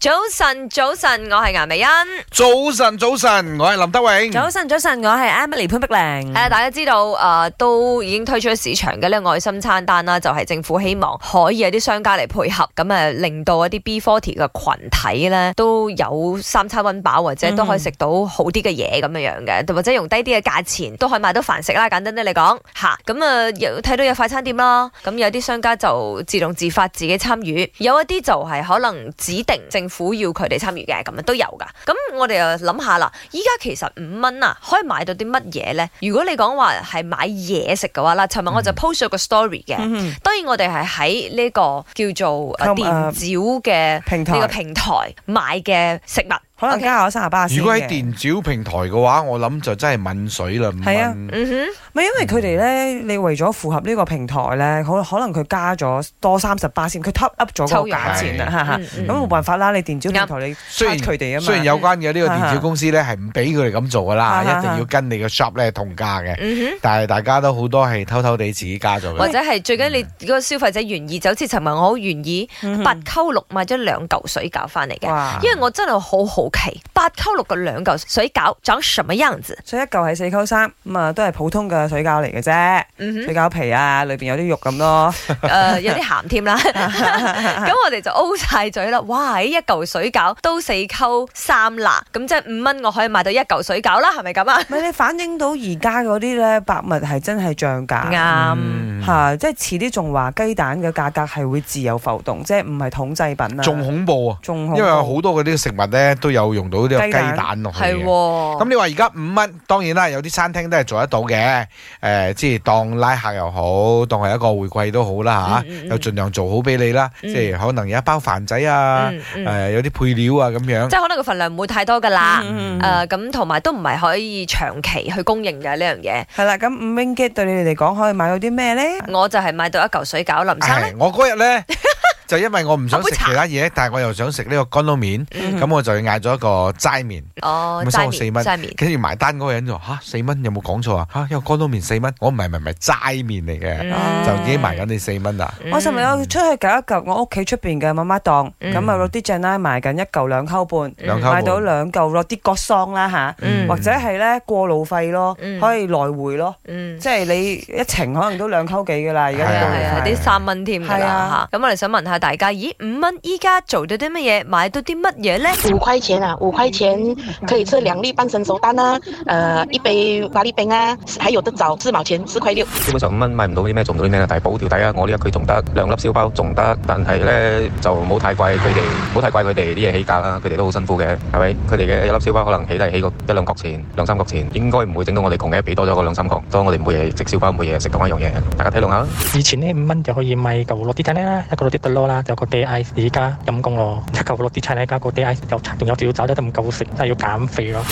早晨，早晨，我係顏美欣。早晨，早晨，我係林德榮。早晨，早晨，我係 Emily 潘碧玲。誒、哎，大家知道誒、呃，都已經推出市場嘅呢個愛心餐單啦，就係、是、政府希望可以有啲商家嚟配合，咁誒令到一啲 B40 嘅群體咧都有三餐溫飽，或者都可以食到好啲嘅嘢咁樣樣嘅，或者用低啲嘅價錢都可以買到飯食啦。簡單啲嚟講，吓咁啊，又睇、呃、到有快餐店啦，咁有啲商家就自動自發自己參與，有一啲就係可能指定政。苦要佢哋參與嘅咁樣都有噶，咁我哋又諗下啦，依家其實五蚊啊，可以買到啲乜嘢呢？如果你講話係買嘢食嘅話，嗱，尋日我就 post 咗個 story 嘅、嗯，當然我哋係喺呢個叫做電子嘅呢個平台買嘅食物。Okay. 可能加咗三十八先。如果喺電召平台嘅話，我諗就真係濫水啦。係啊，唔、嗯、哼，唔係因為佢哋咧，你為咗符合呢個平台咧，可可能佢加咗多三十八先，佢 top up 咗個價錢咁冇、啊嗯嗯、辦法啦。你電召平台、嗯、你雖然佢哋啊，雖然有關嘅呢、呢個電召公司咧係唔俾佢哋咁做噶啦、嗯，一定要跟你嘅 shop 咧同價嘅、嗯。但係大家都好多係偷偷地自己加咗嘅。或者係最緊你嗰個消費者願意，就好似尋日我好願意八溝六買咗兩嚿水餃翻嚟嘅，因為我真係好好。其八溝六個兩嚿水餃長什麼樣子？所以一嚿係四溝三，咁啊都係普通嘅水餃嚟嘅啫。Mm -hmm. 水餃皮啊，裏邊有啲肉咁咯，誒、 uh,，有啲鹹添啦。咁我哋就 O 晒嘴啦。哇，一嚿水餃都四溝三啦。咁即係五蚊，我可以買到一嚿水餃啦，係咪咁啊？唔係，你反映到而家嗰啲咧，百物係真係漲價。啱、嗯。吓、嗯啊，即係遲啲仲話雞蛋嘅價格係會自由浮動，即係唔係統制品啊！仲恐怖啊！仲因為有好多嗰啲食物咧，都有用到啲雞蛋咯。係，咁、嗯、你話而家五蚊，當然啦，有啲餐廳都係做得到嘅。誒、呃，即係當拉客又好，當係一個回饋都好啦，吓、啊，又、嗯、盡、嗯、量做好俾你啦。嗯、即係可能有一包飯仔啊，誒、嗯嗯呃，有啲配料啊，咁樣。即係可能個份量唔會太多噶啦，誒、嗯嗯嗯，咁同埋都唔係可以長期去供應嘅呢樣嘢。係啦，咁五蚊雞對你哋嚟講可以買到啲咩咧？我就係買到一嚿水餃淋出我嗰日咧 就因為我唔想食其他嘢， 但係我又想食呢個乾撈麵，咁、嗯、我就嗌咗一個齋麵。哦，咪收我四蚊，跟住埋單嗰個人就話吓，四蚊有冇講錯啊吓？因為，乾撈麵四蚊，我唔係唔係齋麵嚟嘅，就已經埋緊你四蚊啦。我尋日我出去搞一嚿，我屋企出邊嘅媽媽檔，咁啊落啲醬奶埋緊一嚿兩溝半、嗯，買到兩嚿落啲角桑啦吓，或者係咧過路費咯、嗯，可以來回咯，嗯、即係你一程可能都兩溝幾噶啦，而家都係啲三蚊添噶啦。咁、就是啊啊啊啊、我哋想問下大家，咦五蚊依家做到啲乜嘢，買到啲乜嘢咧？五塊錢啊，五塊錢。嗯可以食兩粒半生熟蛋啊，誒，一杯瓦力冰啊，還有的找四毛錢四塊六。基本上五蚊買唔到啲咩，仲到啲咩啊？大保條底啊！我呢一區仲得兩粒燒包仲得，但係咧就唔好太貴，佢哋唔好太貴，佢哋啲嘢起價啦，佢哋都好辛苦嘅，係咪？佢哋嘅一粒燒包可能起都起個一兩角錢，兩三角錢，應該唔會整到我哋窮嘅俾多咗個兩三角，所以我哋每日食燒包，每日食同一樣嘢。大家睇落下。以前咧五蚊就可以買舊落啲親啦，一個落啲得咯啦，有個 day ice，而家陰公咯，一舊落啲親咧加個 day ice 又差，仲有少少都唔夠食，但係要。減肥咯～